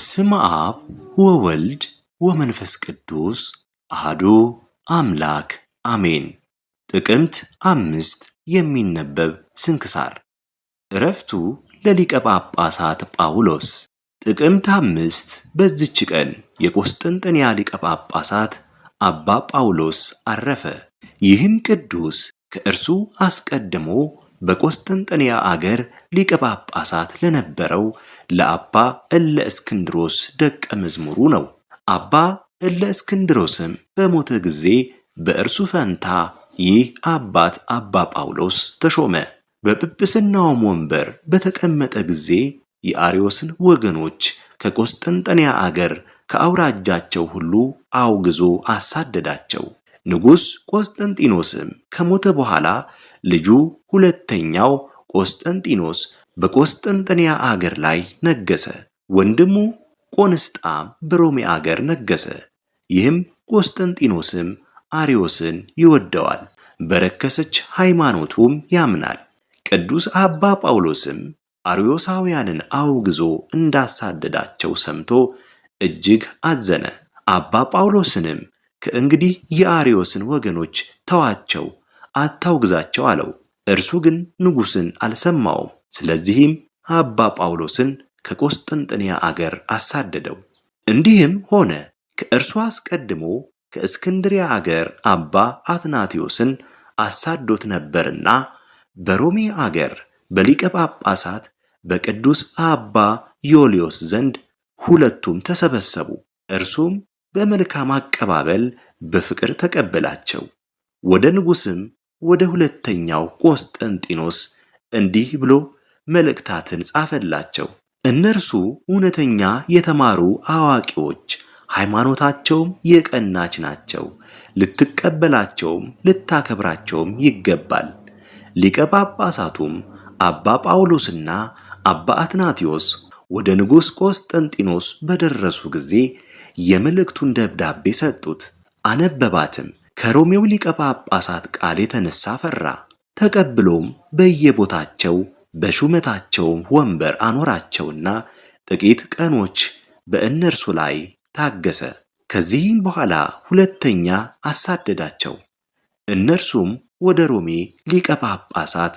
በስም አብ ወወልድ ወመንፈስ ቅዱስ አህዱ አምላክ አሜን። ጥቅምት አምስት የሚነበብ ስንክሳር እረፍቱ ለሊቀ ጳጳሳት ጳውሎስ። ጥቅምት አምስት በዚች ቀን የቆስጠንጠንያ ሊቀ ጳጳሳት አባ ጳውሎስ አረፈ። ይህም ቅዱስ ከእርሱ አስቀድሞ በቆስጠንጠንያ አገር ሊቀ ጳጳሳት ለነበረው ለአባ እለ እስክንድሮስ ደቀ መዝሙሩ ነው። አባ እለ እስክንድሮስም በሞተ ጊዜ በእርሱ ፈንታ ይህ አባት አባ ጳውሎስ ተሾመ። በጵጵስናውም ወንበር በተቀመጠ ጊዜ የአርዮስን ወገኖች ከቆስጠንጠንያ አገር ከአውራጃቸው ሁሉ አውግዞ አሳደዳቸው። ንጉሥ ቆስጠንጢኖስም ከሞተ በኋላ ልጁ ሁለተኛው ቆስጠንጢኖስ በቆስጥንጥንያ አገር ላይ ነገሰ። ወንድሙ ቆንስጣም በሮሜ አገር ነገሰ። ይህም ቆስጠንጢኖስም አሪዮስን ይወደዋል፣ በረከሰች ሃይማኖቱም ያምናል። ቅዱስ አባ ጳውሎስም አርዮሳውያንን አውግዞ እንዳሳደዳቸው ሰምቶ እጅግ አዘነ። አባ ጳውሎስንም ከእንግዲህ የአርዮስን ወገኖች ተዋቸው፣ አታውግዛቸው አለው። እርሱ ግን ንጉሥን አልሰማውም። ስለዚህም አባ ጳውሎስን ከቆስጥንጥንያ አገር አሳደደው። እንዲህም ሆነ ከእርሱ አስቀድሞ ከእስክንድሪያ አገር አባ አትናቴዎስን አሳዶት ነበርና በሮሜ አገር በሊቀ ጳጳሳት በቅዱስ አባ ዮልዮስ ዘንድ ሁለቱም ተሰበሰቡ። እርሱም በመልካም አቀባበል በፍቅር ተቀበላቸው። ወደ ንጉሥም ወደ ሁለተኛው ቆስጠንጢኖስ እንዲህ ብሎ መልእክታትን ጻፈላቸው። እነርሱ እውነተኛ የተማሩ አዋቂዎች፣ ሃይማኖታቸውም የቀናች ናቸው። ልትቀበላቸውም ልታከብራቸውም ይገባል። ሊቀ ጳጳሳቱም አባ ጳውሎስና አባ አትናቴዎስ ወደ ንጉሥ ቆስጠንጢኖስ በደረሱ ጊዜ የመልእክቱን ደብዳቤ ሰጡት። አነበባትም። ከሮሜው ሊቀ ጳጳሳት ቃል የተነሳ ፈራ። ተቀብሎም በየቦታቸው በሹመታቸው ወንበር አኖራቸውና ጥቂት ቀኖች በእነርሱ ላይ ታገሰ። ከዚህም በኋላ ሁለተኛ አሳደዳቸው። እነርሱም ወደ ሮሜ ሊቀ ጳጳሳት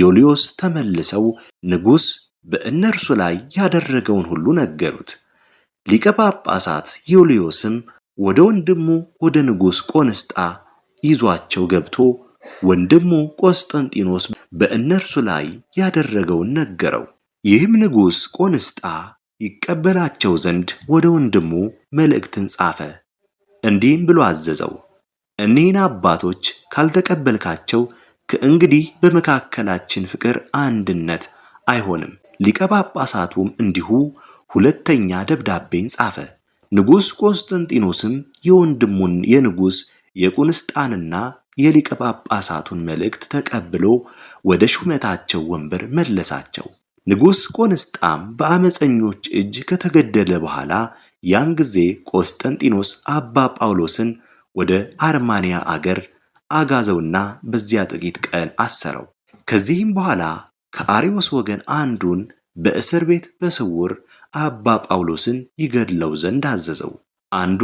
ዮልዮስ ተመልሰው ንጉሥ በእነርሱ ላይ ያደረገውን ሁሉ ነገሩት። ሊቀ ጳጳሳት ዮልዮስም ወደ ወንድሙ ወደ ንጉሥ ቆንስጣ ይዟቸው ገብቶ ወንድሙ ቆስጠንጢኖስ በእነርሱ ላይ ያደረገውን ነገረው። ይህም ንጉሥ ቆንስጣ ይቀበላቸው ዘንድ ወደ ወንድሙ መልእክትን ጻፈ። እንዲህም ብሎ አዘዘው፣ እኒህን አባቶች ካልተቀበልካቸው ከእንግዲህ በመካከላችን ፍቅር አንድነት አይሆንም። ሊቀ ጳጳሳቱም እንዲሁ ሁለተኛ ደብዳቤን ጻፈ። ንጉሥ ኮንስታንቲኖስም የወንድሙን የንጉሥ የቁንስጣንና የሊቀ ጳጳሳቱን መልእክት ተቀብሎ ወደ ሹመታቸው ወንበር መለሳቸው። ንጉሥ ቆንስጣም በአመፀኞች እጅ ከተገደለ በኋላ ያን ጊዜ ቆስጠንጢኖስ አባ ጳውሎስን ወደ አርማንያ አገር አጋዘውና በዚያ ጥቂት ቀን አሰረው። ከዚህም በኋላ ከአሪዎስ ወገን አንዱን በእስር ቤት በስውር አባ ጳውሎስን ይገድለው ዘንድ አዘዘው። አንዱ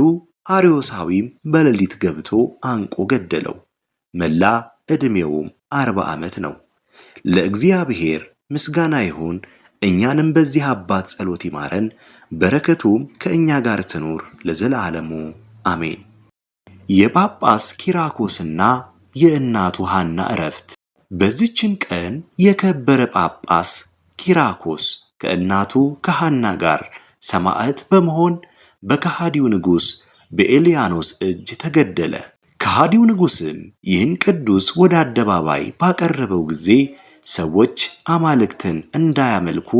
አርዮሳዊም በሌሊት ገብቶ አንቆ ገደለው። መላ ዕድሜውም አርባ ዓመት ነው። ለእግዚአብሔር ምስጋና ይሁን። እኛንም በዚህ አባት ጸሎት ይማረን፣ በረከቱም ከእኛ ጋር ትኑር ለዘላለሙ አሜን። የጳጳስ ኪራኮስና የእናቱ ሐና ዕረፍት። በዚችን ቀን የከበረ ጳጳስ ኪራኮስ ከእናቱ ከሐና ጋር ሰማዕት በመሆን በከሃዲው ንጉሥ በኤልያኖስ እጅ ተገደለ። ከሃዲው ንጉሥም ይህን ቅዱስ ወደ አደባባይ ባቀረበው ጊዜ ሰዎች አማልክትን እንዳያመልኩ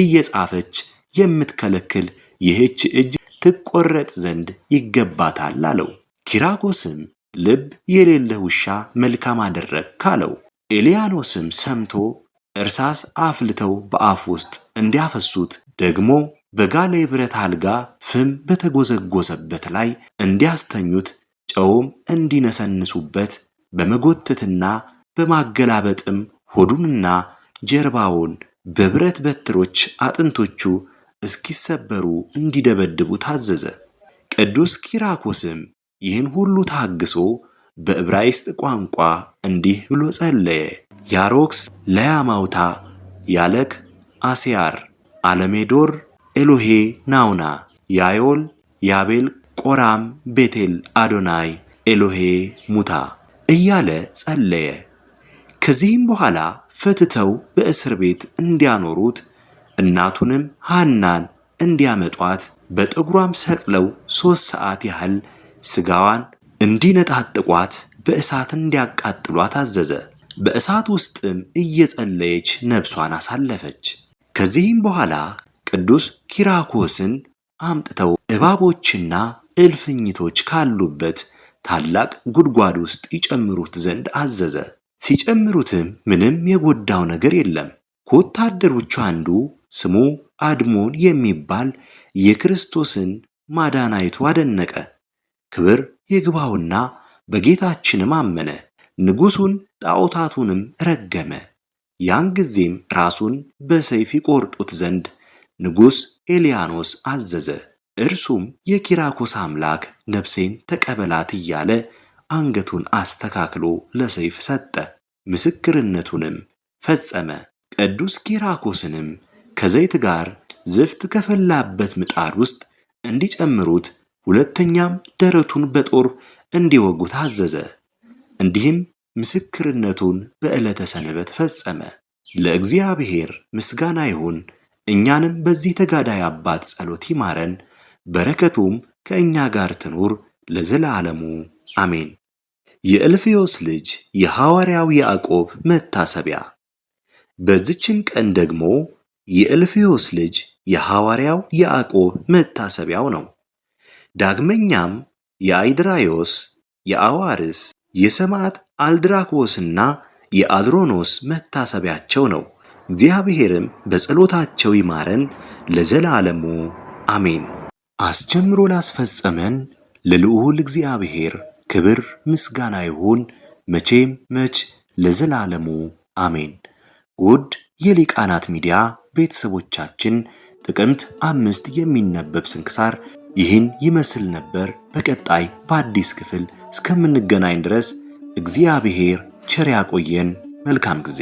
እየጻፈች የምትከለክል ይህች እጅ ትቆረጥ ዘንድ ይገባታል አለው። ኪራኮስም ልብ የሌለ ውሻ መልካም አደረግ ካለው ኤልያኖስም ሰምቶ እርሳስ አፍልተው በአፍ ውስጥ እንዲያፈሱት ደግሞ በጋለ የብረት አልጋ ፍም በተጎዘጎዘበት ላይ እንዲያስተኙት ጨውም እንዲነሰንሱበት በመጎተትና በማገላበጥም ሆዱንና ጀርባውን በብረት በትሮች አጥንቶቹ እስኪሰበሩ እንዲደበድቡ ታዘዘ። ቅዱስ ኪራኮስም ይህን ሁሉ ታግሶ በዕብራይስጥ ቋንቋ እንዲህ ብሎ ጸለየ። ያሮክስ ለያማውታ ያለክ አሴያር አለሜዶር ኤሎሄ ናውና ያዮል ያቤል ቆራም ቤቴል አዶናይ ኤሎሄ ሙታ እያለ ጸለየ። ከዚህም በኋላ ፈትተው በእስር ቤት እንዲያኖሩት እናቱንም ሃናን እንዲያመጧት በጠጉሯም ሰቅለው ሦስት ሰዓት ያህል ሥጋዋን እንዲነጣጥቋት በእሳት እንዲያቃጥሏት አዘዘ። በእሳት ውስጥም እየጸለየች ነፍሷን አሳለፈች። ከዚህም በኋላ ቅዱስ ኪራኮስን አምጥተው እባቦችና እልፍኝቶች ካሉበት ታላቅ ጉድጓድ ውስጥ ይጨምሩት ዘንድ አዘዘ። ሲጨምሩትም ምንም የጎዳው ነገር የለም። ከወታደሮቹ አንዱ ስሙ አድሞን የሚባል የክርስቶስን ማዳናይቱ አደነቀ። ክብር ይግባውና በጌታችንም አመነ። ንጉሱን ጣዖታቱንም ረገመ። ያን ጊዜም ራሱን በሰይፍ ይቆርጡት ዘንድ ንጉሥ ኤልያኖስ አዘዘ። እርሱም የኪራኮስ አምላክ ነፍሴን ተቀበላት እያለ አንገቱን አስተካክሎ ለሰይፍ ሰጠ። ምስክርነቱንም ፈጸመ። ቅዱስ ኪራኮስንም ከዘይት ጋር ዝፍት ከፈላበት ምጣድ ውስጥ እንዲጨምሩት፣ ሁለተኛም ደረቱን በጦር እንዲወጉት አዘዘ። እንዲህም ምስክርነቱን በዕለተ ሰንበት ፈጸመ። ለእግዚአብሔር ምስጋና ይሁን፣ እኛንም በዚህ ተጋዳይ አባት ጸሎት ይማረን፣ በረከቱም ከእኛ ጋር ትኑር ለዘላለሙ አሜን። የእልፍዮስ ልጅ የሐዋርያው ያዕቆብ መታሰቢያ። በዚችም ቀን ደግሞ የእልፍዮስ ልጅ የሐዋርያው ያዕቆብ መታሰቢያው ነው። ዳግመኛም የአይድራዮስ፣ የአዋርስ፣ የሰማዕት አልድራኮስና የአድሮኖስ መታሰቢያቸው ነው። እግዚአብሔርም በጸሎታቸው ይማረን ለዘላለሙ አሜን። አስጀምሮ ላስፈጸመን ለልዑል እግዚአብሔር ክብር ምስጋና ይሁን መቼም መች ለዘላለሙ አሜን። ውድ የሊቃናት ሚዲያ ቤተሰቦቻችን ጥቅምት አምስት የሚነበብ ስንክሳር ይህን ይመስል ነበር። በቀጣይ በአዲስ ክፍል እስከምንገናኝ ድረስ እግዚአብሔር ቸር ያቆየን። መልካም ጊዜ